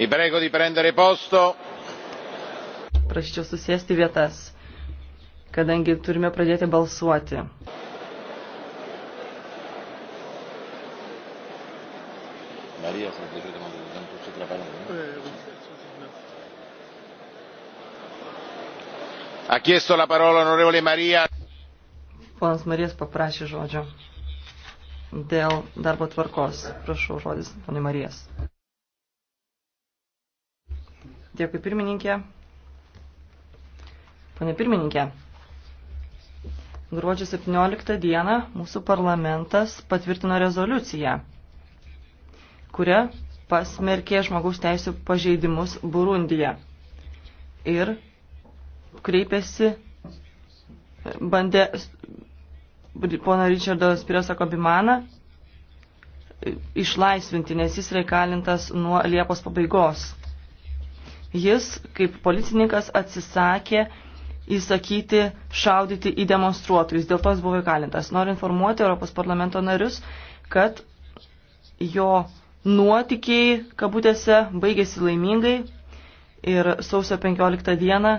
Vi prego di prendere posto. Prašyčiau susėsti vietas, kadangi turime pradėti balsuoti. Maria, sono piaciuta molto, tanto c'è la parola. ha chiesto la parola onorevole Marija. Ponas Marijas paprašė žodžio dėl darbo tvarkos. Prašau žodis, ponai Marijas. Dėkui pirmininkė. Pane pirmininkė, gruodžio 17 dieną mūsų parlamentas patvirtino rezoliuciją, kuria pasmerkė žmogaus teisų pažeidimus Burundyje ir kreipėsi, bandė pono Richardo Spirosa Kobimaną išlaisvinti, nes jis reikalintas nuo Liepos pabaigos. Jis, kaip policininkas, atsisakė įsakyti šaudyti į demonstruotojus. Dėl to jis buvo įkalintas. Noriu informuoti Europos parlamento narius, kad jo nuotikiai, kabutėse, baigėsi laimingai ir sausio 15 dieną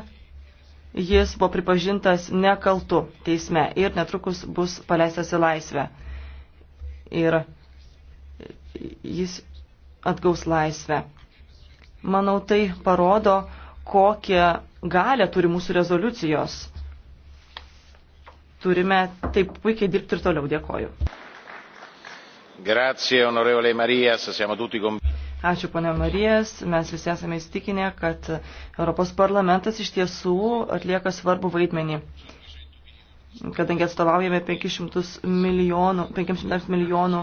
jis buvo pripažintas nekaltu teisme ir netrukus bus paleistas į laisvę. Ir jis atgaus laisvę. Manau, tai parodo, kokią galę turi mūsų rezoliucijos. Turime taip puikiai dirbti ir toliau. Dėkoju. Grazie, onorevole Marijas, siamo tutti con... Ačiū, ponia Marijas. Mes visi esame įstikinę, kad Europos parlamentas iš tiesų atlieka svarbų vaidmenį kadangi atstovaujame 500 milijonų, 500 milijonų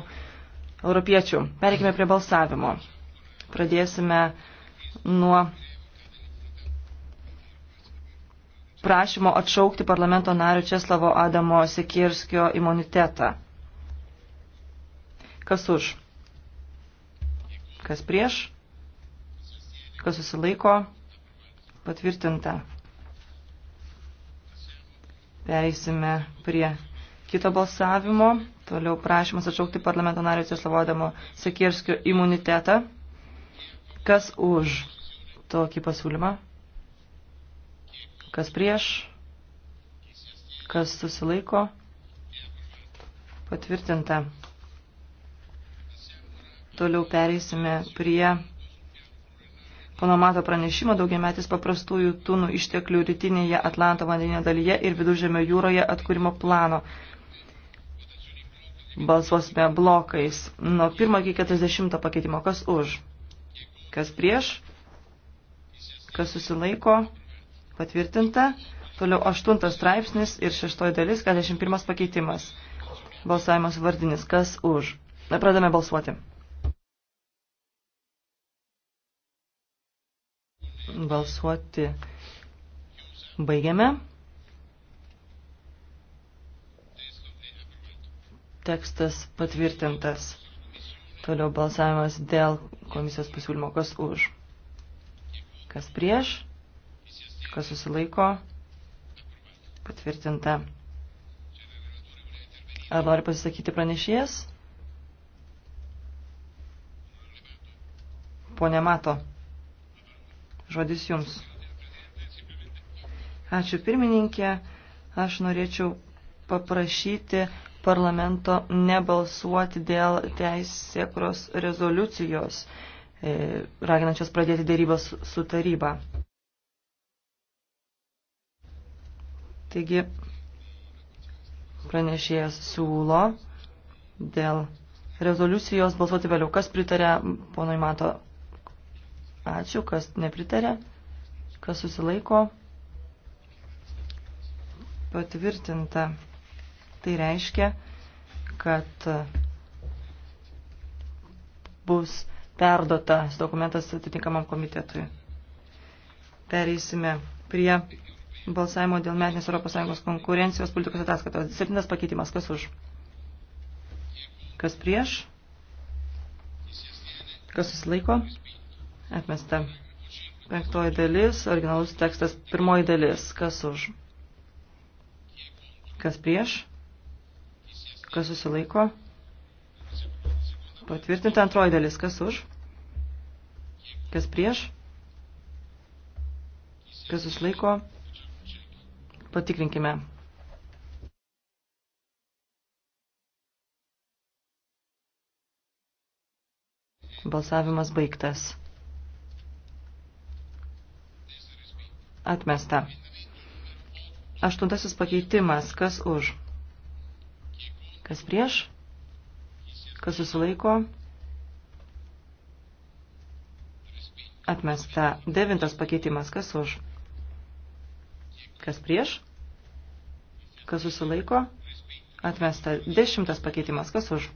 europiečių. Pereikime prie balsavimo. Pradėsime nuo prašymo atšaukti parlamento nario Česlavo Adamo Sikirskio imunitetą. Kas už? Kas prieš? Kas susilaiko? Patvirtinta. Pereisime prie kito balsavimo. Toliau prašymas atšaukti parlamento nario Česlavo Adamo Sikirskio imunitetą. Kas už tokį pasiūlymą? Kas prieš? Kas susilaiko? Patvirtinta. Toliau pereisime prie Pono Mato pranešimo daugiametis paprastųjų tunų išteklių rytinėje Atlanto vandeninio dalyje ir viduržėmio jūroje atkūrimo plano. Balsuosime blokais nuo 1 iki 40 pakeitimo. Kas už? Kas prieš? Kas susilaiko? Patvirtinta. Toliau aštuntas straipsnis ir šeštoji dalis, 41 pakeitimas. Balsavimas vardinis. Kas už? Pradame balsuoti. Balsuoti. Baigiame. Tekstas patvirtintas. Toliau balsavimas dėl komisijos pasiūlymo, kas už, kas prieš, kas susilaiko, patvirtinta. Ar nori pasisakyti pranešėjas? Pone Mato, žodis jums. Ačiū pirmininkė, aš norėčiau paprašyti parlamento nebalsuoti dėl teisėkros rezoliucijos, e, raginančios pradėti dėrybas su taryba. Taigi, pranešėjas siūlo dėl rezoliucijos balsuoti vėliau. Kas pritarė, ponui Mato, ačiū, kas nepritarė, kas susilaiko, patvirtinta. Tai reiškia, kad bus perdotas dokumentas atitinkamam komitetui. Pereisime prie balsavimo dėl metinės ES konkurencijos politikos ataskaitos. Septintas pakeitimas. Kas už? Kas prieš? Kas susilaiko? Atmesta. Penktoji dalis, originalus tekstas, pirmoji dalis. Kas už? Kas prieš? Kas susilaiko? Patvirtinta antroji dalis. Kas už? Kas prieš? Kas susilaiko? Patikrinkime. Balsavimas baigtas. Atmesta. Aštuntasis pakeitimas. Kas už? Kas prieš? Kas susilaiko? Atmesta. Devintas pakeitimas. Kas už? Kas prieš? Kas susilaiko? Atmesta. Dešimtas pakeitimas. Kas už?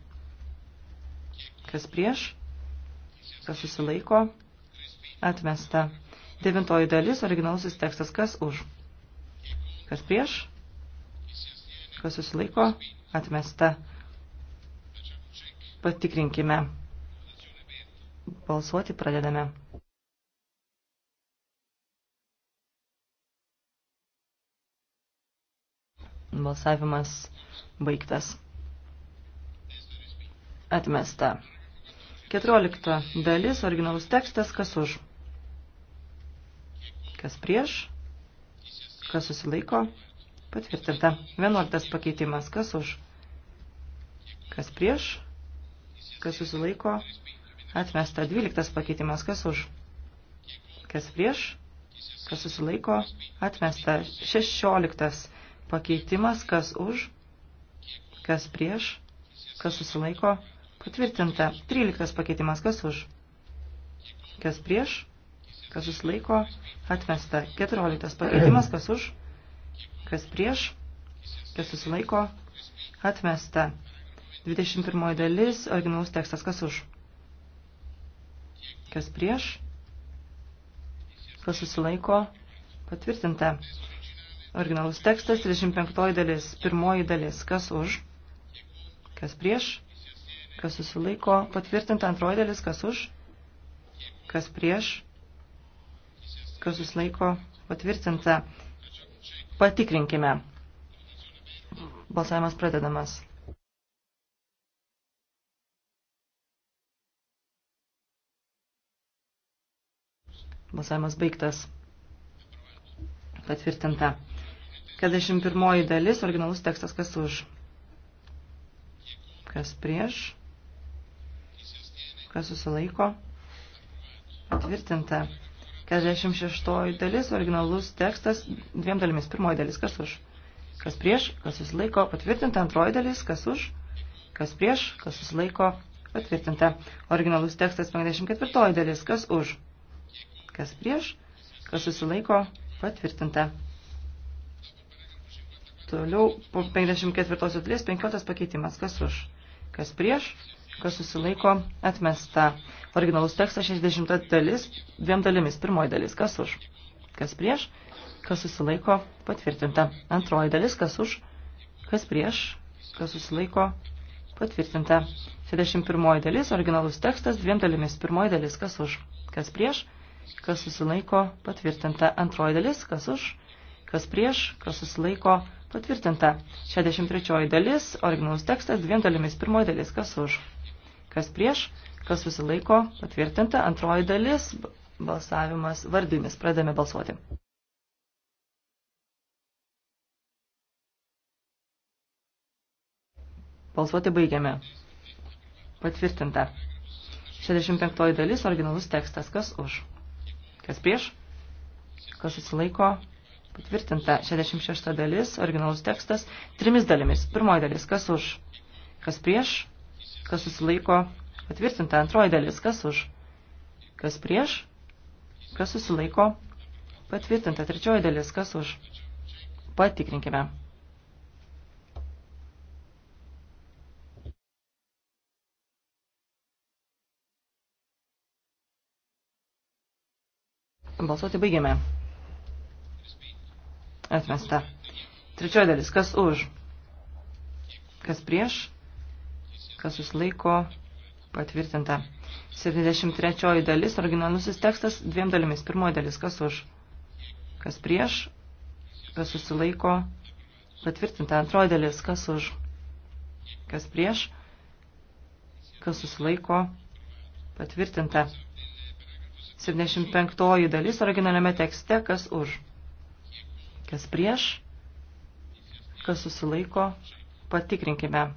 Kas prieš? Kas susilaiko? Atmesta. Devintoji dalis, originalusis tekstas. Kas už? Kas prieš? kas susilaiko, atmesta. Patikrinkime. Balsuoti pradedame. Balsavimas baigtas. Atmesta. 14 dalis, originalus tekstas, kas už. Kas prieš, kas susilaiko, Patvirtinta. 11 pakeitimas. Kas už? Kas prieš? Kas susilaiko? Atmesta. 12 pakeitimas. Kas už? Kas prieš? Kas susilaiko? Atmesta. 16 pakeitimas. Kas už? Kas prieš? Kas susilaiko? Patvirtinta. 13 pakeitimas. Kas už? Kas prieš? Kas susilaiko? Atmesta. 14 pakeitimas. Kas už? kas prieš, kas susilaiko, atmesta. 21 dalis, originalus tekstas, kas už, kas prieš, kas susilaiko, patvirtinta. Originalus tekstas, 35 dalis, pirmoji dalis, kas už, kas prieš, kas susilaiko, patvirtinta antroji dalis, kas už, kas prieš, kas susilaiko, patvirtinta. Patikrinkime. Balsavimas pradedamas. Balsavimas baigtas. Patvirtinta. 41 dalis, originalus tekstas, kas už. Kas prieš. Kas susilaiko. Patvirtinta. 46 dalis, originalus tekstas dviem dalimis. Pirmoji dalis, kas už, kas prieš, kas susilaiko, patvirtinta. Antroji dalis, kas už, kas prieš, kas susilaiko, patvirtinta. Originalus tekstas 54 dalis, kas už, kas prieš, kas susilaiko, patvirtinta. Toliau po 54 dalies 15 pakeitimas, kas už, kas prieš, kas susilaiko, atmesta. Originalus tekstas 60 dalis, dviem dalimis. Pirmoji dalis, kas už, kas prieš, kas susilaiko, patvirtinta. Antroji dalis, kas už, kas prieš, kas susilaiko, patvirtinta. 61 dalis, originalus tekstas dviem dalimis. Pirmoji dalis, kas už, kas prieš, kas susilaiko, patvirtinta. Antroji dalis, kas už, kas prieš, kas susilaiko, patvirtinta. 63 dalis, originalus tekstas dviem dalimis. Pirmoji dalis, kas už, kas prieš, Kas susilaiko? Patvirtinta. Antroji dalis. Balsavimas vardinis. Pradame balsuoti. Balsuoti baigiame. Patvirtinta. 65 dalis, originalus tekstas. Kas už? Kas prieš? Kas susilaiko? Patvirtinta. 66 dalis, originalus tekstas. Trimis dalimis. Pirmoji dalis. Kas už? Kas prieš? Kas susilaiko? Patvirtinta antroji dalis. Kas už? Kas prieš? Kas susilaiko? Patvirtinta trečioji dalis. Kas už? Patikrinkime. Balsuoti baigiame. Atmesta. Trečioji dalis. Kas už? Kas prieš? Kas susilaiko? Patvirtinta. 73 dalis, originalusis tekstas, dviem dalimis. Pirmoji dalis, kas už, kas prieš, kas susilaiko. Patvirtinta. Antroji dalis, kas už, kas prieš, kas susilaiko. Patvirtinta. 75 dalis, originaliame tekste, kas už, kas prieš, kas susilaiko. Patikrinkime.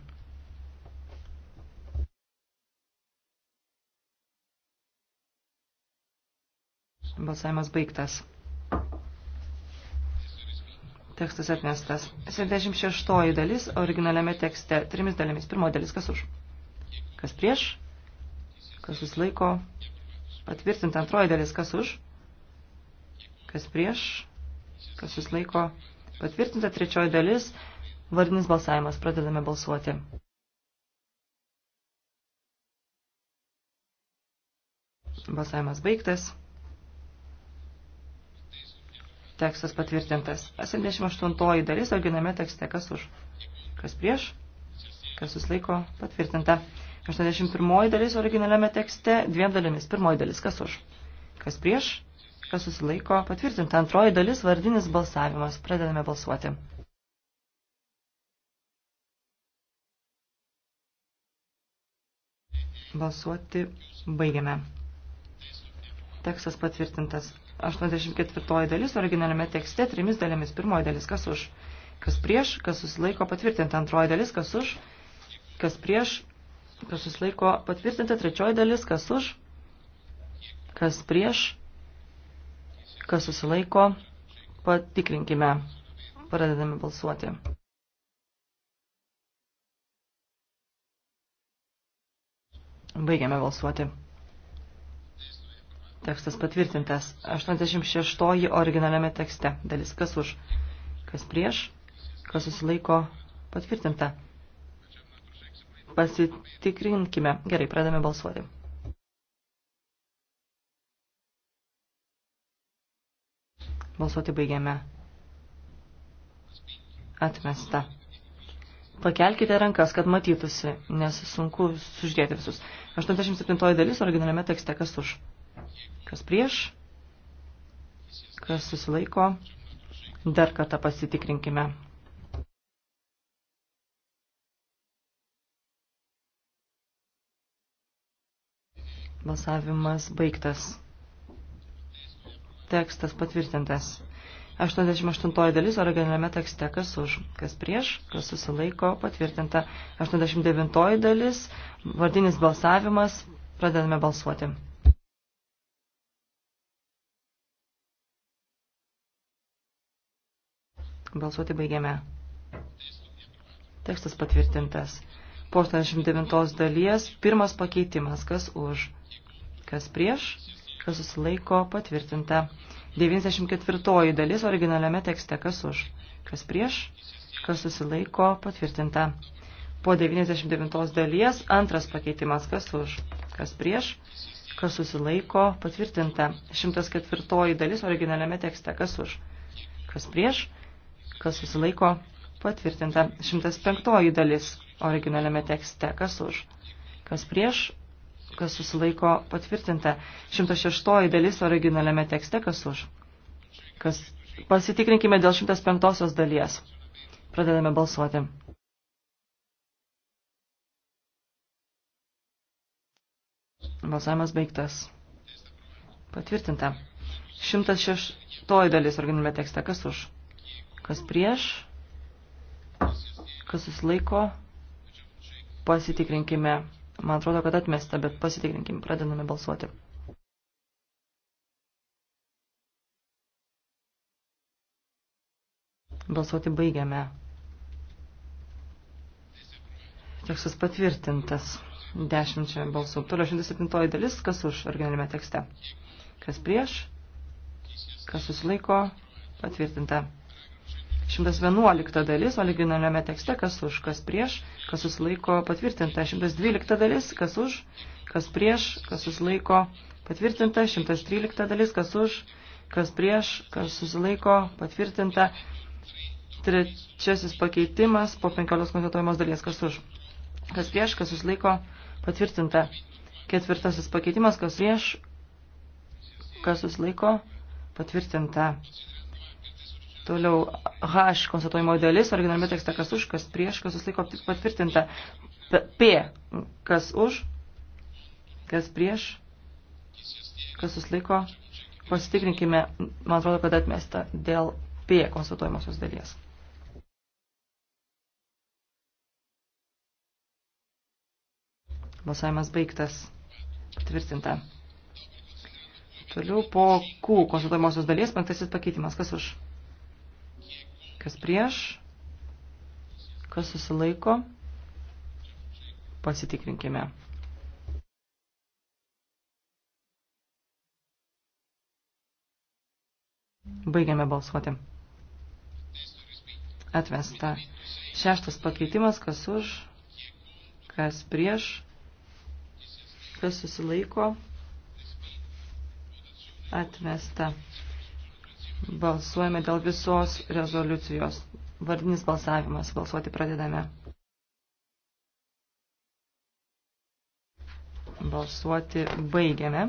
Balsavimas baigtas. Tekstas atmestas. 76 dalis originaliame tekste. Trimis dalimis. Pirmo dalis kas už? Kas prieš? Kas susilaiko? Patvirtinta antroji dalis kas už? Kas prieš? Kas susilaiko? Patvirtinta trečioji dalis. Vardinis balsavimas. Pradedame balsuoti. Balsavimas baigtas. Tekstas patvirtintas. 78 dalis originame tekste. Kas už? Kas prieš? Kas susilaiko? Patvirtinta. 81 dalis originaliame tekste. Dviem dalimis. Pirmoji dalis. Kas už? Kas prieš? Kas susilaiko? Patvirtinta. Antroji dalis vardinis balsavimas. Pradedame balsuoti. Balsuoti baigiame. Tekstas patvirtintas. 84 dalis originaliame tekste trimis dalimis. Pirmoji dalis kas už, kas prieš, kas susilaiko patvirtinta. Antroji dalis kas už, kas prieš, kas susilaiko patvirtinta. Trečioji dalis kas už, kas prieš, kas susilaiko patikrinkime. Pradedame balsuoti. Baigiame balsuoti. Tekstas patvirtintas. 86 originaliame tekste. Dalis kas už, kas prieš, kas susilaiko patvirtinta. Pasitikrinkime. Gerai, pradame balsuoti. Balsuoti baigiame. Atmesta. Pakelkite rankas, kad matytųsi, nes sunku sužiūrėti visus. 87 dalis originaliame tekste, kas už. Kas prieš? Kas susilaiko? Dar kartą pasitikrinkime. Balsavimas baigtas. Tekstas patvirtintas. 88 dalis originaliame tekste, kas už, kas prieš, kas susilaiko, patvirtinta. 89 dalis, vardinis balsavimas, pradedame balsuoti. Balsuoti baigiame. Tekstas patvirtintas. Po 89 dalies pirmas pakeitimas. Kas už? Kas prieš? Kas susilaiko? Patvirtinta. 94 dalis originaliame tekste. Kas už? Kas prieš? Kas susilaiko? Patvirtinta. Po 99 dalies antras pakeitimas. Kas už? Kas prieš? Kas susilaiko? Patvirtinta. 104 dalis originaliame tekste. Kas už? Kas prieš? kas susilaiko, patvirtinta 105 dalis originaliame tekste, kas už, kas prieš, kas susilaiko, patvirtinta 106 dalis originaliame tekste, kas už, kas pasitikrinkime dėl 105 dalies. Pradedame balsuoti. Balsavimas baigtas. Patvirtinta. 106 dalis originalime tekste. Kas už? Kas prieš? Kas susilaiko? Pasitikrinkime. Man atrodo, kad atmesta, bet pasitikrinkime. Pradedame balsuoti. Balsuoti baigiame. Tekstas patvirtintas. Dešimčia balsų. Toliau 107 dalis, kas už originalime tekste. Kas prieš, kas susilaiko, patvirtinta. 111 dalis, originaliame tekste, kas už, kas prieš, kas susilaiko patvirtinta. 112 dalis, kas už, kas prieš, kas susilaiko patvirtinta. 113 dalis, kas už, kas prieš, kas susilaiko patvirtinta. Trečiasis pakeitimas po 15 konstatuojamos dalies, kas už, kas prieš, kas susilaiko patvirtinta. Ketvirtasis pakeitimas, kas prieš, kas susilaiko patvirtinta. Toliau H konstatuojimo dalis, originalime tekste kas už, kas prieš, kas susilaiko patvirtinta. P kas už, kas prieš, kas susilaiko. Pasitikrinkime, man atrodo, kad atmesta dėl P konstatuojamosios dalies. Balsavimas baigtas. Tvirtinta. Toliau po Q konsultuojamosios dalies penktasis pakeitimas. Kas už? Kas prieš? Kas susilaiko? Pasitikrinkime. Baigiame balsuoti. Atvesta. Šeštas pakeitimas, kas už, kas prieš, kas susilaiko. Atvesta. Balsuojame dėl visos rezoliucijos. Vardinis balsavimas. Balsuoti pradedame. Balsuoti baigiame.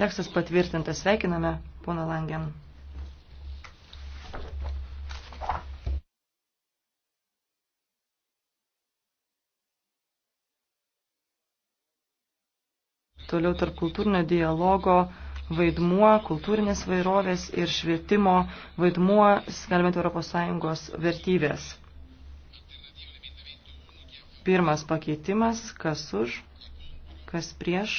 Tekstas patvirtintas. Sveikiname, pona Langen. Toliau tarp kultūrinio dialogo vaidmuo, kultūrinės vairovės ir švietimo vaidmuo, skalbint ES vertybės. Pirmas pakeitimas, kas už, kas prieš,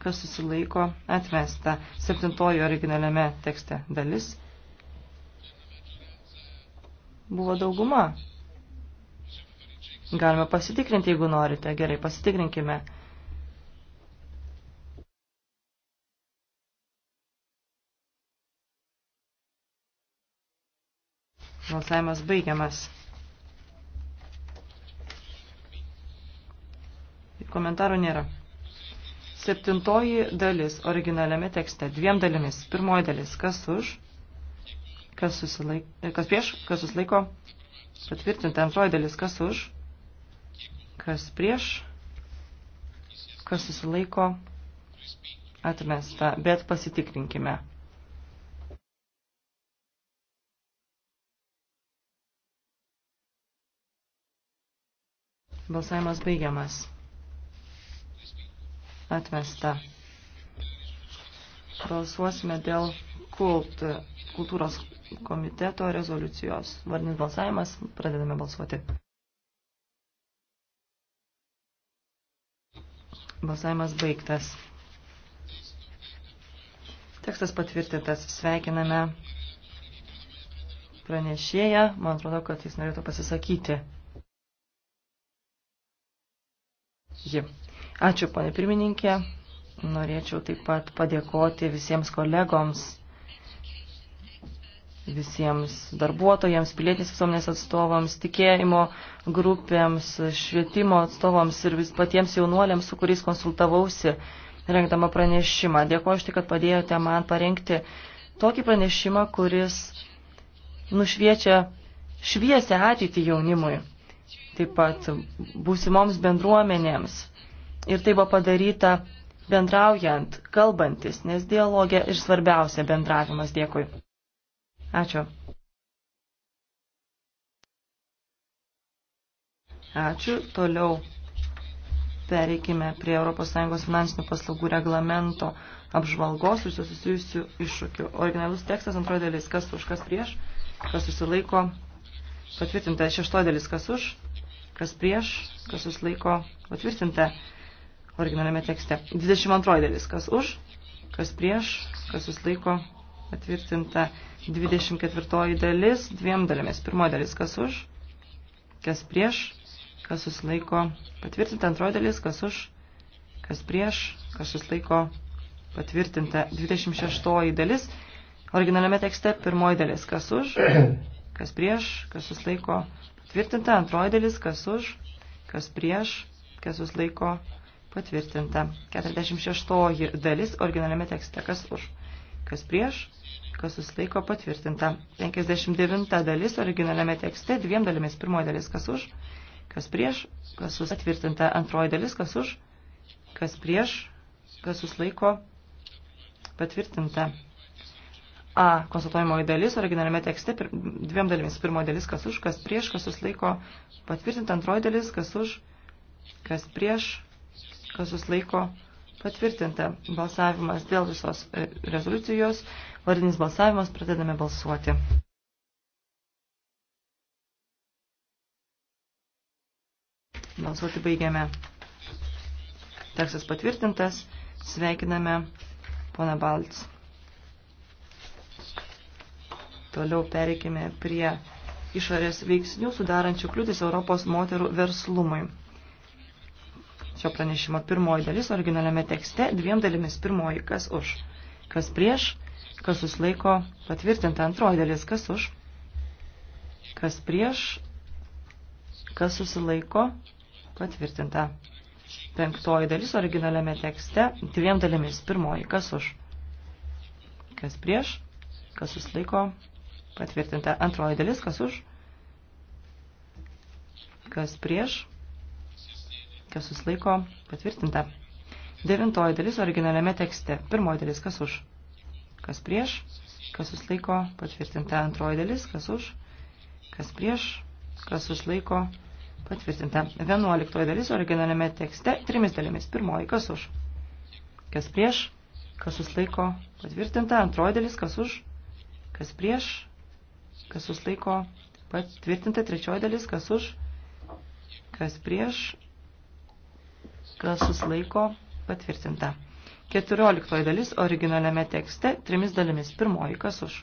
kas susilaiko, atmesta. Septintojo originaliame tekste dalis. Buvo dauguma. Galime pasitikrinti, jeigu norite. Gerai, pasitikrinkime. Balsavimas baigiamas. Komentarų nėra. Septintoji dalis originaliame tekste. Dviem dalimis. Pirmoji dalis. Kas už? Kas, susilaik, kas prieš? Kas susilaiko? Patvirtinta. Antroji dalis. Kas už? Kas prieš? Kas susilaiko? Atmesta. Bet pasitikrinkime. Balsavimas baigiamas. Atmesta. Balsuosime dėl kult, kultūros komiteto rezoliucijos. Vardinis balsavimas. Pradedame balsuoti. Balsavimas baigtas. Tekstas patvirtintas. Sveikiname pranešėją. Man atrodo, kad jis norėtų pasisakyti. ji. Ačiū, ponė pirmininkė. Norėčiau taip pat padėkoti visiems kolegoms, visiems darbuotojams, pilietinės visuomenės atstovams, tikėjimo grupėms, švietimo atstovams ir vis patiems jaunuoliams, su kuriais konsultavausi, rengdama pranešimą. Dėkuoju, štai, kad padėjote man parengti tokį pranešimą, kuris nušviečia šviesę ateitį jaunimui taip pat būsimoms bendruomenėms. Ir tai buvo padaryta bendraujant, kalbantis, nes dialogė ir svarbiausia bendravimas. Dėkui. Ačiū. Ačiū. Toliau pereikime prie ES finansinių paslaugų reglamento apžvalgos ir susijusių iššūkių. Originalus tekstas, antroji dalis, kas už, kas prieš, kas susilaiko. Patvirtinta šeštoji dalis, kas už, kas prieš, kas susilaiko patvirtinta originaliame tekste. 22 dalis, kas už, kas prieš, kas susilaiko patvirtinta 24 dalis, dviem dalimis. Pirmoji dalis, kas už, kas prieš, kas susilaiko patvirtinta antroji dalis, kas už, kas prieš, kas susilaiko patvirtinta 26 dalis. Originaliame tekste pirmoji dalis, kas už, kas prieš, kas susilaiko patvirtinta Patvirtinta antroji dalis, kas už, kas prieš, kas susilaiko patvirtinta. 46 dalis originaliame tekste, kas už, kas prieš, kas susilaiko patvirtinta. 59 dalis originaliame tekste, dviem dalimis, pirmoji dalis, kas už, kas prieš, kas susilaiko patvirtinta. Antroji dalis, kas už, kas prieš, kas susilaiko patvirtinta. A konstatuojamoji dalis originaliame tekste pir, dviem dalimis. Pirmoji dalis, kas už, kas prieš, kas susilaiko patvirtinta. Antroji dalis, kas už, kas prieš, kas susilaiko patvirtinta. Balsavimas dėl visos e, rezoliucijos, vardinis balsavimas, pradedame balsuoti. Balsuoti baigiame. Tekstas patvirtintas. Sveikiname poną Balts. Toliau pereikime prie išorės veiksnių sudarančių kliūtis Europos moterų verslumui. Šio pranešimo pirmoji dalis originaliame tekste dviem dalimis. Pirmoji, kas už, kas prieš, kas susilaiko patvirtinta. Antroji dalis, kas už, kas prieš, kas susilaiko patvirtinta. Penktoji dalis originaliame tekste dviem dalimis. Pirmoji, kas už, kas prieš, kas susilaiko patvirtinta Patvirtinta antroji dalis, kas už, kas prieš, kas susilaiko, patvirtinta. Devintoji dalis originaliame tekste. Pirmoji dalis, kas už, kas prieš, kas susilaiko, patvirtinta. Antroji dalis, kas už, kas prieš, kas susilaiko, patvirtinta. Vienuoliktoji dalis originaliame tekste, trimis dalimis. Pirmoji, kas už, kas prieš, kas susilaiko, patvirtinta. Antroji dalis, kas už, kas prieš, kas suslaiko patvirtinta, trečioji dalis, kas už, kas prieš, kas suslaiko patvirtinta. Keturioliktoji dalis originaliame tekste, trimis dalimis, pirmoji, kas už,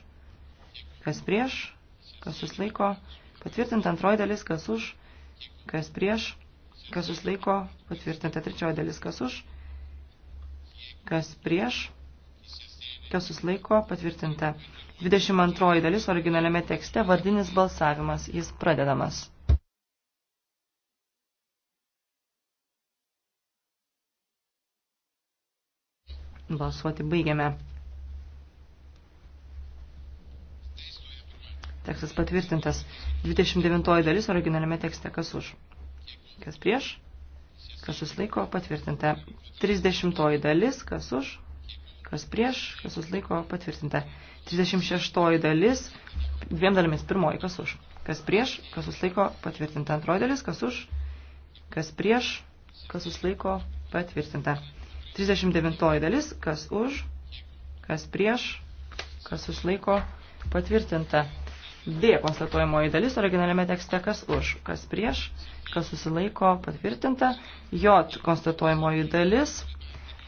kas prieš, kas suslaiko patvirtinta, antroji dalis, kas už, kas prieš, kas suslaiko patvirtinta, trečioji dalis, kas už, kas prieš, kas suslaiko patvirtinta. 22 dalis originaliame tekste vardinis balsavimas. Jis pradedamas. Balsuoti baigiame. Tekstas patvirtintas. 29 dalis originaliame tekste. Kas už? Kas prieš? Kas susilaiko? Patvirtinta. 30 dalis. Kas už? Kas prieš? Kas susilaiko? Patvirtinta. 36 dalis, dviem dalimis pirmoji, kas už, kas prieš, kas susilaiko patvirtinta. Antroji dalis, kas už, kas prieš, kas susilaiko patvirtinta. 39 dalis, kas už, kas prieš, kas susilaiko patvirtinta. D konstatuojamoji dalis originaliame tekste, kas už, kas prieš, kas susilaiko patvirtinta. J konstatuojamoji dalis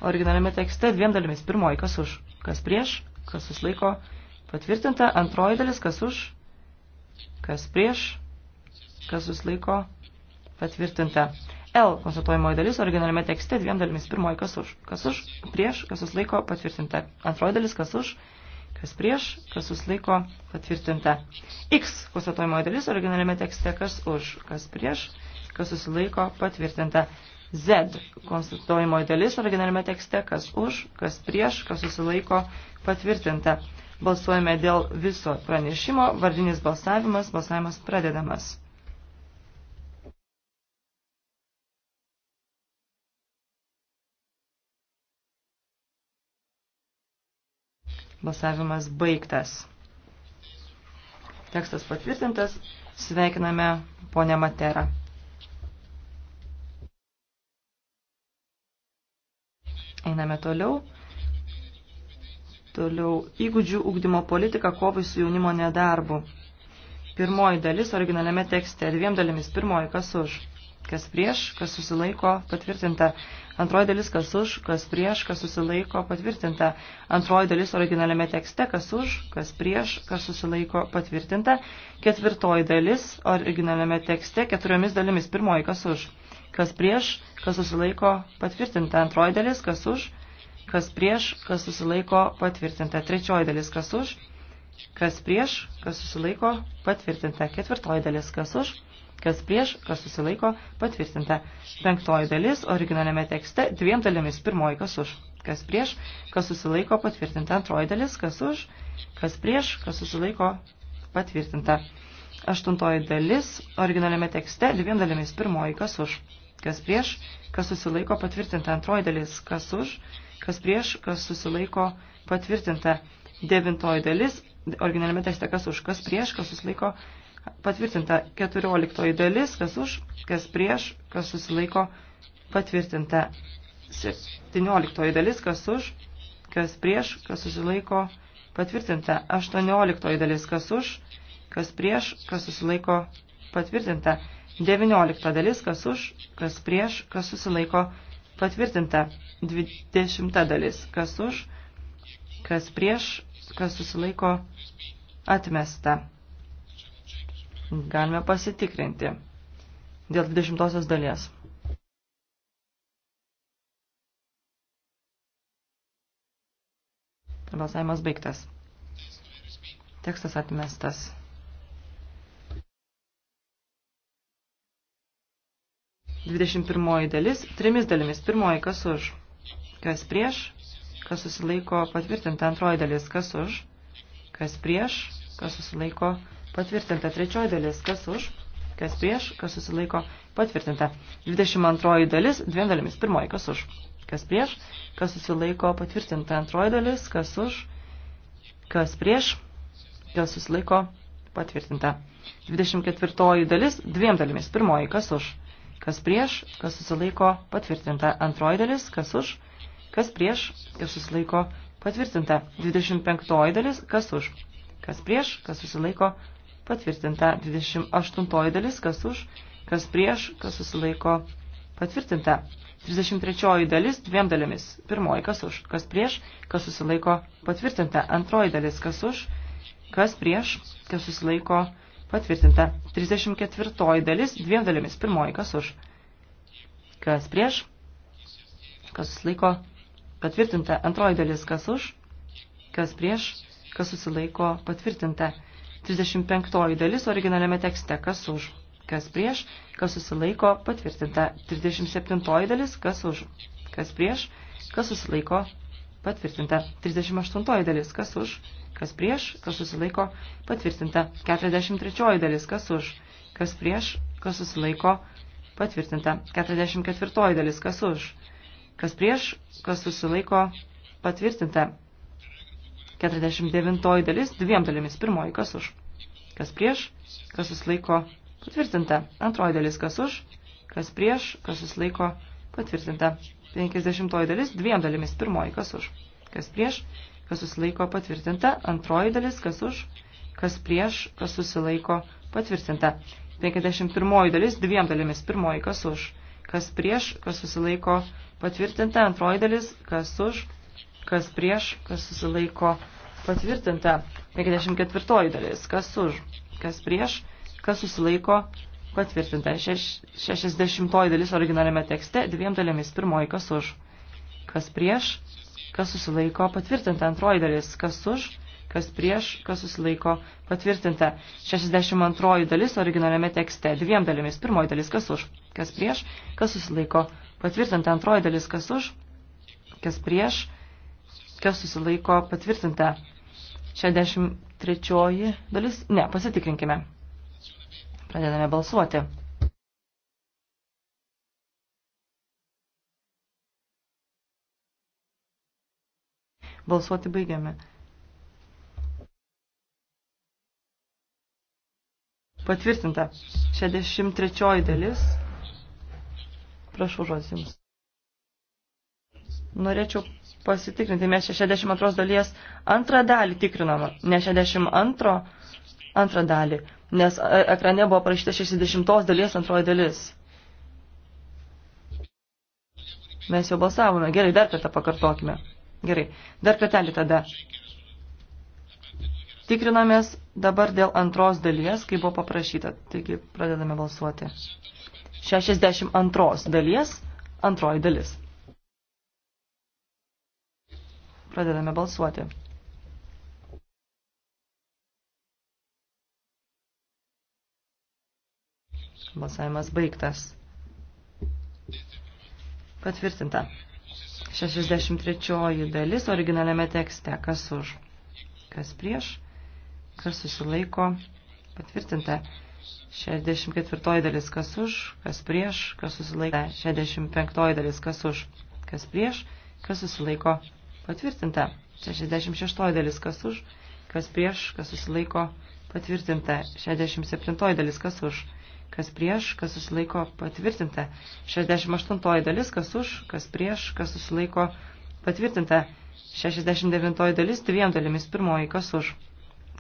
originaliame tekste dviem dalimis. Pirmoji, kas už, kas prieš, kas susilaiko patvirtinta, antroji dalis, kas už, kas prieš, kas susilaiko patvirtinta. L konstatuojamoji dalis originaliame tekste dviem dalimis. Pirmoji, kas už, kas už, prieš, kas susilaiko patvirtinta. Antroji dalis, kas už, kas prieš, kas susilaiko patvirtinta. X konstatuojamoji dalis originaliame tekste, kas už, kas prieš, kas susilaiko patvirtinta. Z konstatuojamoji dalis originaliame tekste, kas už, kas prieš, kas susilaiko patvirtinta. Balsuojame dėl viso pranešimo, vardinis balsavimas, balsavimas pradedamas. Balsavimas baigtas. Tekstas patvirtintas. Sveikiname ponę Materą. Einame toliau. Toliau įgūdžių ugdymo politika kovai su jaunimo nedarbu. Pirmoji dalis originaliame tekste, dviem dalimis. Pirmoji, kas už, kas prieš, kas susilaiko, patvirtinta. Antroji dalis, kas už, kas prieš, kas susilaiko, patvirtinta. Antroji dalis originaliame tekste, kas už, kas prieš, kas susilaiko, patvirtinta. Ketvirtoji dalis originaliame tekste, keturiomis dalimis. Pirmoji, kas už kas prieš, kas susilaiko patvirtinta. Antroji dalis, kas už, kas prieš, kas susilaiko patvirtinta. Trečioji dalis, kas už, kas prieš, kas susilaiko patvirtinta. Ketvirtoji dalis, kas už, kas prieš, kas susilaiko patvirtinta. Penktoji dalis, originaliame tekste, dviem dalimis. Pirmoji, kas už kas prieš, kas susilaiko patvirtinta. Antroji dalis, kas už, kas prieš, kas susilaiko patvirtinta. Aštuntoji dalis, originaliame tekste, dviem dalimis. Pirmoji, kas už, kas prieš, kas susilaiko patvirtinta antroji dalis, kas už, kas prieš, kas susilaiko patvirtinta devintoji dalis, originaliame tekste kas už, kas prieš, kas susilaiko patvirtinta keturioliktoji dalis, kas už, kas prieš, kas susilaiko patvirtinta septynioliktoji dalis, kas už, kas prieš, kas susilaiko patvirtinta aštuonioliktoji dalis, kas už, kas prieš, kas susilaiko patvirtinta 19 dalis, kas už, kas prieš, kas susilaiko patvirtinta. 20 dalis, kas už, kas prieš, kas susilaiko atmesta. Galime pasitikrinti dėl 20 dalies. Balsavimas baigtas. Tekstas atmestas. 21 dalis, trimis dalimis. Pirmoji, kas už, kas prieš, kas susilaiko patvirtinta. Antroji dalis, kas už, kas prieš, kas susilaiko patvirtinta. Trečioji dalis, kas už, kas prieš, kas susilaiko patvirtinta. 22 dalis, dviem dalimis. Pirmoji, kas už, kas prieš, kas susilaiko patvirtinta. Antroji dalis, kas už, kas prieš, kas susilaiko patvirtinta. 24 dalis, dviem dalimis. Pirmoji, kas už, kas prieš, kas susilaiko patvirtinta. Antroji dalis, kas už, kas prieš, kas susilaiko patvirtinta. 25 dalis, kas už, kas prieš, kas susilaiko patvirtinta. 28 dalis, kas už, kas prieš, kas susilaiko patvirtinta. 33 dalis dviem dalimis. Pirmoji, kas už, kas prieš, kas susilaiko patvirtinta. Antroji dalis, kas už, kas prieš, kas susilaiko patvirtinta Patvirtinta. 34 dalis dviem dalimis. Pirmoji, kas už. Kas prieš. Kas susilaiko. Patvirtinta. Antroji dalis, kas už. Kas prieš. Kas susilaiko. Patvirtinta. 35 dalis originaliame tekste, kas už. Kas prieš. Kas susilaiko. Patvirtinta. 37 dalis, kas už. Kas prieš. Kas susilaiko. Patvirtinta. 38 dalis, kas už Kas prieš, kas susilaiko, patvirtinta. 43 dalis, kas už. Kas prieš, kas susilaiko, patvirtinta. 44 dalis, kas už. Kas prieš, kas susilaiko, patvirtinta. 49 dalis, dviem dalimis. Pirmoji, kas už. Kas prieš, kas susilaiko, patvirtinta. Antroji dalis, kas už. Kas prieš, kas susilaiko, patvirtinta. 50 dalis, dviem dalimis. Pirmoji, kas už. Kas prieš, kas susilaiko patvirtinta. Antroji dalis, kas už, kas prieš, kas susilaiko patvirtinta. 51 dalis, dviem dalimis. Pirmoji, kas už, kas prieš, kas susilaiko patvirtinta. Antroji dalis, kas už, kas prieš, kas susilaiko patvirtinta. 54 dalis, kas už, kas prieš, kas susilaiko patvirtinta. 60 dalis originaliame tekste, dviem dalimis. Pirmoji, kas už, kas prieš, kas susilaiko patvirtinta. Antroji dalis, kas už, kas prieš, kas susilaiko patvirtinta. 62 dalis originaliame tekste, dviem dalimis. Pirmoji dalis, kas už, kas prieš, kas susilaiko patvirtinta. Antroji dalis, kas už, kas prieš, kas susilaiko patvirtinta. 63 dalis, ne, pasitikrinkime. Pradedame balsuoti. Balsuoti baigiame. Patvirtinta. 63 dalis. Prašau žodžius jums. Norėčiau pasitikrinti, mes 62 dalies antrą dalį tikrinama, ne 62 antrą dalį, nes e, ekrane buvo parašyta 60 dalies antroji dalis. Mes jau balsavome. Gerai, dar kartą pakartokime. Gerai, dar kartelį tada. Tikrinamės dabar dėl antros dalies, kai buvo paprašyta. Taigi pradedame balsuoti. 62 dalies, antroji dalis. Pradedame balsuoti. Balsavimas baigtas. Patvirtinta. 63 dalis originaliame tekste. Kas už? Kas prieš? Kas susilaiko? Patvirtinta. 64 dalis. Kas už? Kas prieš? Kas susilaiko? 65 dalis. Kas už? Kas prieš? Kas susilaiko? Patvirtinta. 66 dalis. Kas už? Kas prieš? Kas susilaiko? Patvirtinta. 67 dalis. Kas už? kas prieš, kas susilaiko patvirtinta. 68 dalis, kas už, kas prieš, kas susilaiko patvirtinta. 69 dalis, dviem dalimis, pirmoji, kas už,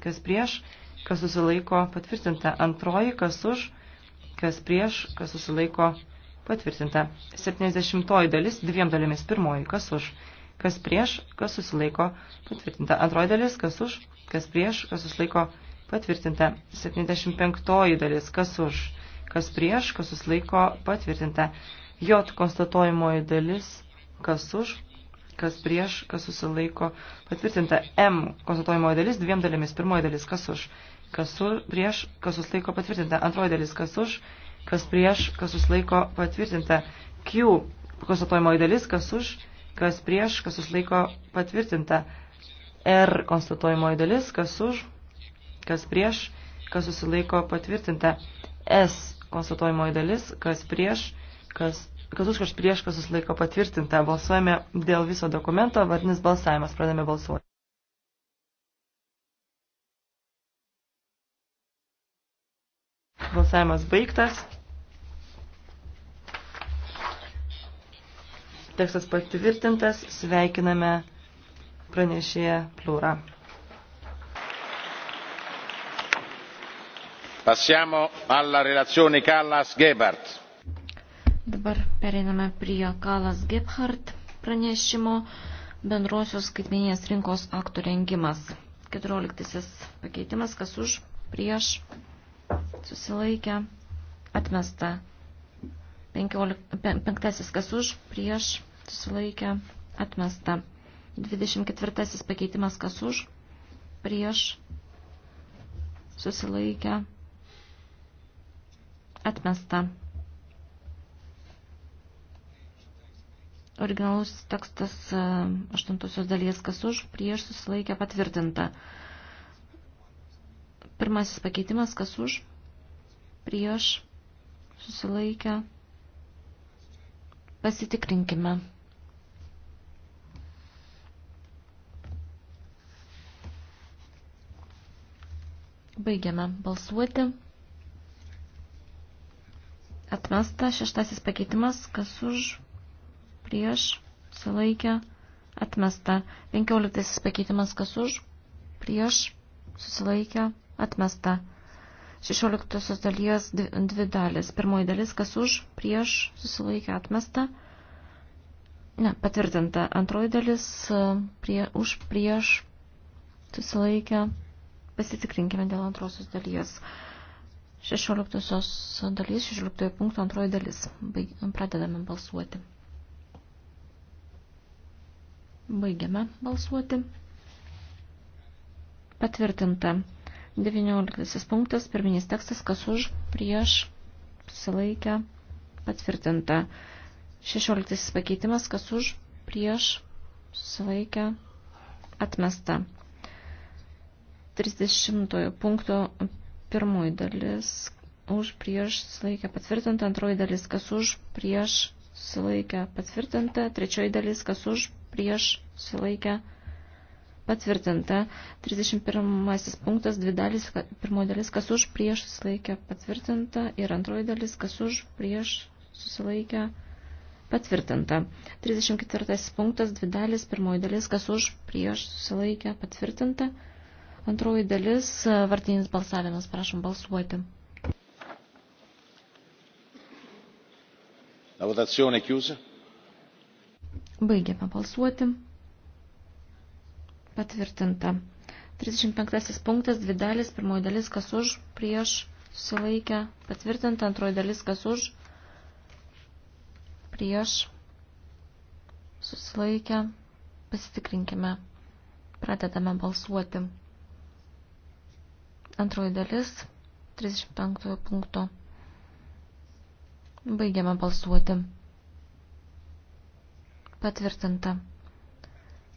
kas prieš, kas susilaiko patvirtinta. Antroji, kas už, kas prieš, kas susilaiko patvirtinta. 70 dalis, dviem dalimis, pirmoji, kas už, kas prieš, kas susilaiko patvirtinta. Antroji dalis, kas už, kas prieš, kas susilaiko patvirtinta. Patvirtinta 75 dalis, kas už, kas prieš, kas susilaiko patvirtinta. J konstatuojamoji dalis, kas už, kas prieš, kas susilaiko patvirtinta. M konstatuojamoji dalis dviem dalimis. Pirmoji dalis, kas už, kas už, prieš, kas susilaiko patvirtinta. Antroji dalis, kas už, kas prieš, kas susilaiko patvirtinta. Q konstatuojamoji dalis, kas už, kas prieš, kas susilaiko patvirtinta. R konstatuojamoji dalis, kas už, kas prieš, kas susilaiko patvirtinta. S konstatuojamoji dalis, kas prieš, kas, kas už, kas prieš, kas susilaiko patvirtinta. Balsuojame dėl viso dokumento, vardinis balsavimas, pradame balsuoti. Balsavimas baigtas. Tekstas patvirtintas, sveikiname pranešėją Plūrą. Passiamo alla relazione Kallas Gebhardt. Dabar pereiname prie Kalas Gebhardt pranešimo bendrosios skaitmeninės rinkos aktų rengimas. 14 pakeitimas, kas už, prieš, susilaikę, atmesta. 15, kas už, prieš, susilaikę, atmesta. 24 pakeitimas, kas už, prieš, susilaikę, atmesta Atmesta. Originalus tekstas e, aštuntosios dalies, kas už, prieš susilaikę patvirtinta. Pirmasis pakeitimas, kas už, prieš susilaikę. Pasitikrinkime. Baigiame balsuoti atmesta, šeštasis pakeitimas, kas už, prieš, susilaikė, atmesta, penkioliktasis pakeitimas, kas už, prieš, susilaikė, atmesta. Šešioliktosios dalies dvi, dvi dalis. Pirmoji dalis, kas už, prieš, susilaikė, atmesta. Ne, patvirtinta. Antroji dalis, prie, už, prieš, susilaikė. Pasitikrinkime dėl antrosios dalies. 16 dalis, 16 punkto antroji dalis. Baig, pradedame balsuoti. Baigiame balsuoti. Patvirtinta. 19 punktas, pirminis tekstas, kas už, prieš, susilaikę, patvirtinta. 16 pakeitimas, kas už, prieš, susilaikę, atmesta. 30 punkto Pirmoji dalis už prieš sulaikę patvirtinta, antroji dalis kas už prieš sulaikę patvirtinta, trečioji dalis kas už prieš sulaikę patvirtinta, 31 punktas, dvi dalis, pirmoji dalis kas už prieš sulaikę patvirtinta ir antroji dalis kas už prieš susilaikę patvirtinta. 34 punktas, dvi dalis, pirmoji dalis kas už prieš susilaikę patvirtinta. Antroji dalis, vartinis balsavimas, prašom balsuoti. La votazione è chiusa. Baigiame balsuoti. Patvirtinta. 35 punktas, dvi dalis, pirmoji dalis, kas už, prieš, susilaikę, patvirtinta, antroji dalis, kas už, prieš, susilaikę, pasitikrinkime, pradedame balsuoti. Antroji dalis 35 punkto. Baigiame balsuoti. Patvirtinta.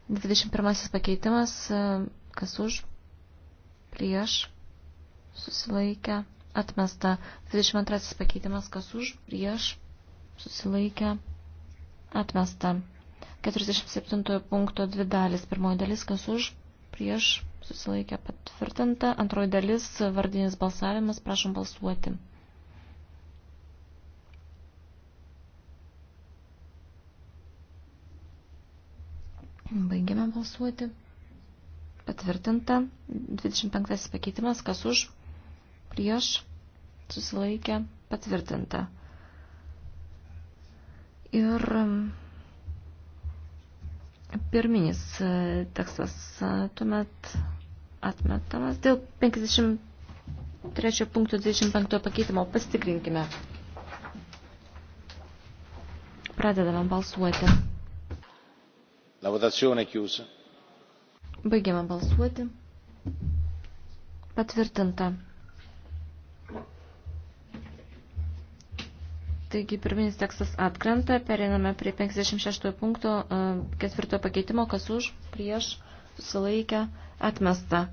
21 pakeitimas. Kas už? Prieš. Susilaikę. Atmesta. 22 pakeitimas. Kas už? Prieš. Susilaikę. Atmesta. 47 punkto dvi dalis. Pirmoji dalis. Kas už? Prieš susilaikė patvirtinta. Antroji dalis, vardinis balsavimas, prašom balsuoti. Baigiame balsuoti. Patvirtinta. 25 pakeitimas. Kas už? Prieš. Susilaikė. Patvirtinta. Ir Pirminis e, tekstas e, tuomet atmetamas. Dėl 53 punktų 25 pakeitimo pasitikrinkime. Pradedame balsuoti. La votazione chiusa. Baigiame balsuoti. Patvirtinta. Taigi pirminis tekstas atkrenta, periname prie 56 punkto e, ketvirto pakeitimo, kas už, prieš, susilaikę, atmesta.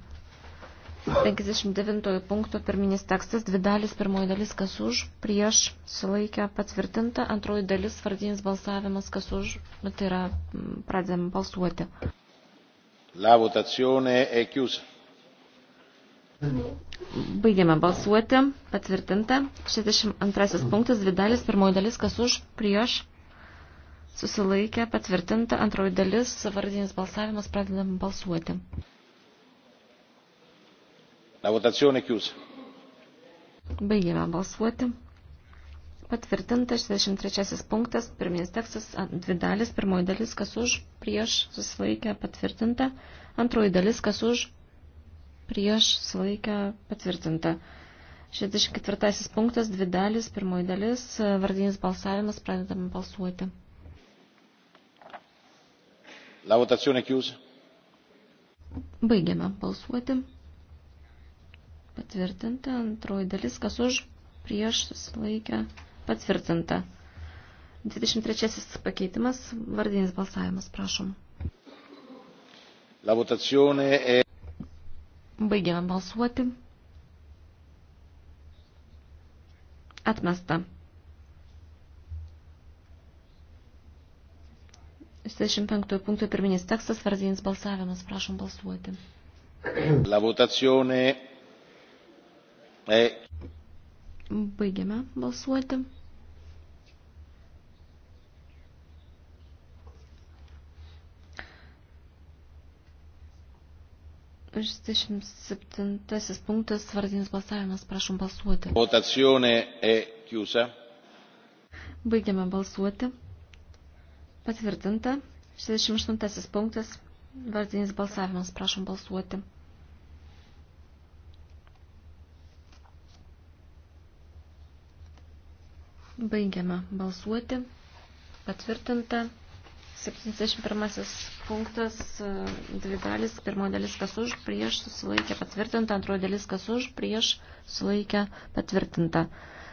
59 punkto pirminis tekstas, dvi dalis, pirmoji dalis, kas už, prieš, sulaikę, patvirtinta, antroji dalis, vardinis balsavimas, kas už, nu, tai yra, pradedame balsuoti. La votazione è chiusa. Baigiame balsuoti. Patvirtinta. 62 punktas, dvi dalis, pirmoji dalis, kas už, prieš, susilaikė, patvirtinta. Antroji dalis, vardinis balsavimas, pradedame balsuoti. La votazione chiusa. Baigiame balsuoti. Patvirtinta 63 punktas, pirminis tekstas, dvi dalis, pirmoji dalis, kas už, prieš, susilaikė, patvirtinta, antroji dalis, kas už, prieš sulaikę patvirtinta. 64 punktas, dvi dalis, pirmoji dalis, vardinis balsavimas, pradedame balsuoti. La votazione chiusa. Baigiame balsuoti. Patvirtinta antroji dalis, kas už, prieš susilaikę, patvirtinta. 23 pakeitimas, vardinis balsavimas, prašom. La votazione è... Baigėme balsuoti. Atmesta. 65 punktų pirminis tekstas, vardinis balsavimas. Prašom balsuoti. La votazione è... Baigiame balsuoti. 67 punktas, vardinis balsavimas, prašom balsuoti. Votazione è chiusa. Baigiame balsuoti. Patvirtinta. 68 punktas, vardinis balsavimas, prašom balsuoti. Baigiame balsuoti. Patvirtinta. 71 punktas, dvi dalis, pirmo dalis kas už, prieš susilaikę patvirtinta, antro dalis kas už, prieš susilaikę patvirtinta.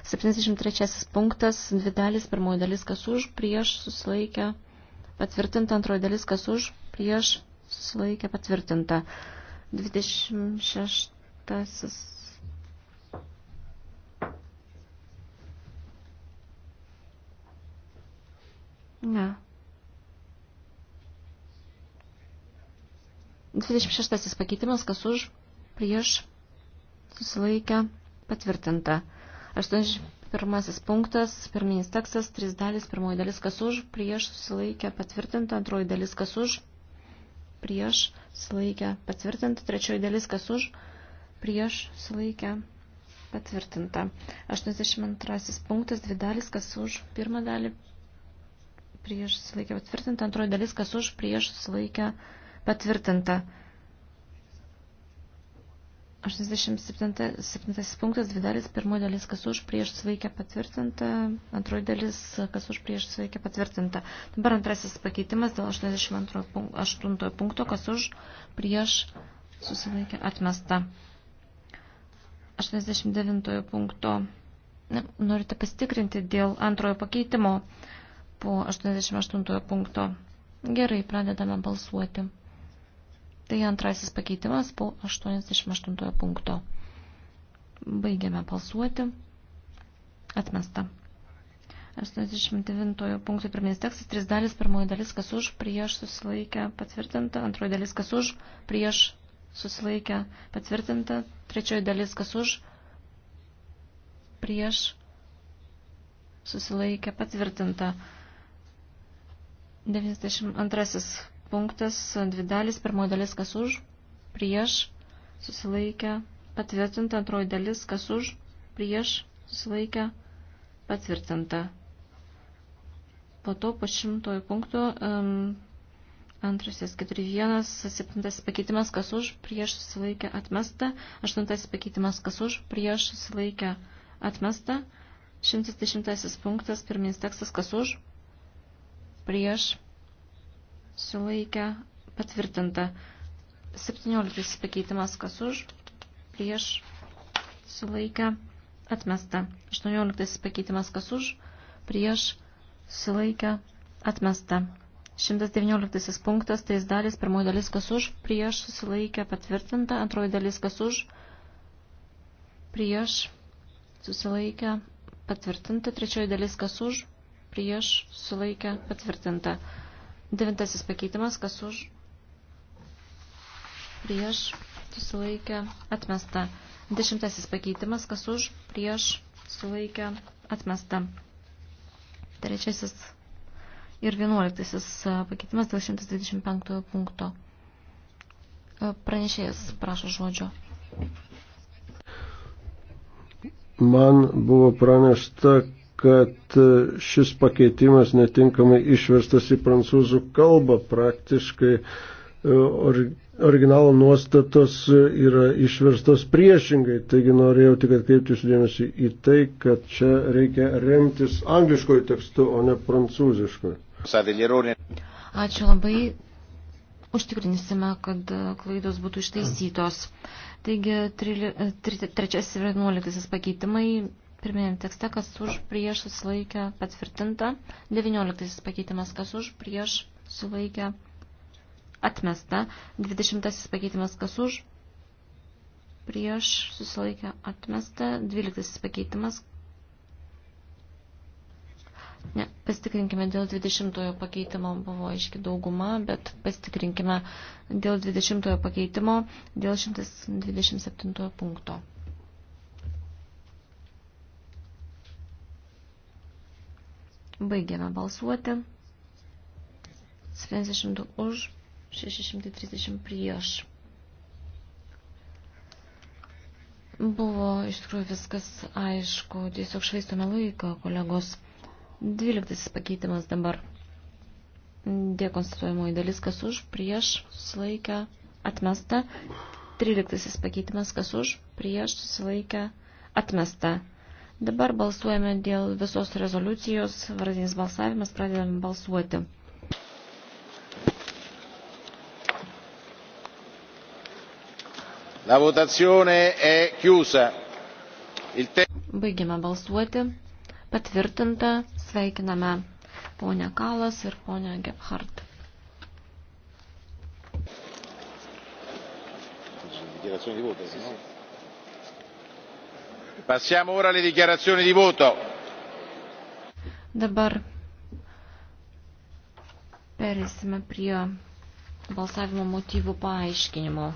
73 punktas, dvi dalis, pirmo dalis kas už, prieš susilaikę patvirtinta, antro dalis kas už, prieš susilaikę patvirtinta. 26 Ne. 26 pakeitimas, kas už, prieš, susilaikę, patvirtinta. 81 punktas, pirminis tekstas, 3 dalis, pirmoji dalis, kas už, prieš, susilaikę, patvirtinta, antroji dalis, kas už, prieš, susilaikę, patvirtinta, trečioji dalis, kas už, prieš, susilaikę, patvirtinta. 82 punktas, 2 dalis, kas už, pirmą dalį, prieš, susilaikę, patvirtinta, antroji dalis, kas už, prieš, susilaikę, patvirtinta Patvirtinta. 87 punktas, dvi dalis, pirmoji dalis, kas už prieš sveikia patvirtinta, antroji dalis, kas už prieš sveikia patvirtinta. Dabar antrasis pakeitimas dėl 82 punkto, punkto kas už prieš susilaikia atmesta. 89 punkto. Ne, norite pasitikrinti dėl antrojo pakeitimo po 88 punkto. Gerai, pradedame balsuoti. Tai antrasis pakeitimas po 88 punkto. Baigiame balsuoti. Atmesta. 89 punktų pirminis tekstas, tris dalis, pirmoji dalis, kas už, prieš susilaikę, patvirtinta, antroji dalis, kas už, prieš susilaikę, patvirtinta, trečioji dalis, kas už, prieš susilaikę, patvirtinta. 92 punktas, dvi dalis, pirmoji dalis kas už, prieš, susilaikę, patvirtinta, antroji dalis kas už, prieš, susilaikę, patvirtinta. Po to po šimtojų punktų um, antrasis 4.1, septintasis pakeitimas kas už, prieš susilaikę atmesta, aštuntasis pakeitimas kas už, prieš susilaikę atmesta, šimtas dešimtasis punktas, pirminis tekstas kas už, prieš sulaikę, patvirtinta. 17 pakeitimas kas už, prieš, sulaikę, atmesta. 18 pakeitimas kas už, prieš, sulaikę, atmesta. 119 punktas, tai dalis, pirmoji dalis kas už, prieš, susilaikę, patvirtinta, antroji dalis kas už, prieš, susilaikę, patvirtinta, trečioji dalis kas už, prieš, susilaikę, patvirtinta. Devintasis pakeitimas, kas už, prieš, susilaikė, atmesta. Dešimtasis pakeitimas, kas už, prieš, susilaikė, atmesta. Trečiasis ir vienuoliktasis pakeitimas dėl 125 punkto. Pranešėjas prašo žodžio. Man buvo pranešta, kad šis pakeitimas netinkamai išverstas į prancūzų kalbą praktiškai. E, Or, originalo nuostatos yra išverstos priešingai, taigi norėjau tik atkreipti jūsų dėmesį į tai, kad čia reikia remtis angliškojų tekstų, o ne prancūziškojų. Ačiū labai. Užtikrinsime, kad klaidos būtų ištaisytos. Taigi, e, trečiasis ir vienuoliktasis pakeitimai Pirminiam tekste, kas už prieš susilaikę patvirtinta. 19 pakeitimas, kas už prieš susilaikę atmesta. 20 pakeitimas, kas už prieš susilaikę atmesta. 12 pakeitimas. Ne, pasitikrinkime dėl 20 pakeitimo, buvo aiški dauguma, bet pasitikrinkime dėl 20 pakeitimo, dėl 127 punkto. Baigiame balsuoti. 72 už, 630 prieš. Buvo iš tikrųjų viskas aišku, tiesiog švaistome laiką, kolegos. 12 pakeitimas dabar. Dėkonstituojamoji dalis, kas už, prieš, susilaikę, atmesta. 13 pakeitimas, kas už, prieš, susilaikę, atmesta. Dabar balsuojame dėl visos rezoliucijos, vardinis balsavimas, pradedame balsuoti. La votazione è chiusa. Il te... Baigiame balsuoti. Patvirtinta. Sveikiname ponę Kalas ir ponę Gebhardt. dichiarazione di voto. Sì, no? sì. Passiamo ora alle dichiarazioni di voto. Dabar perėsime prie balsavimo motyvų paaiškinimo.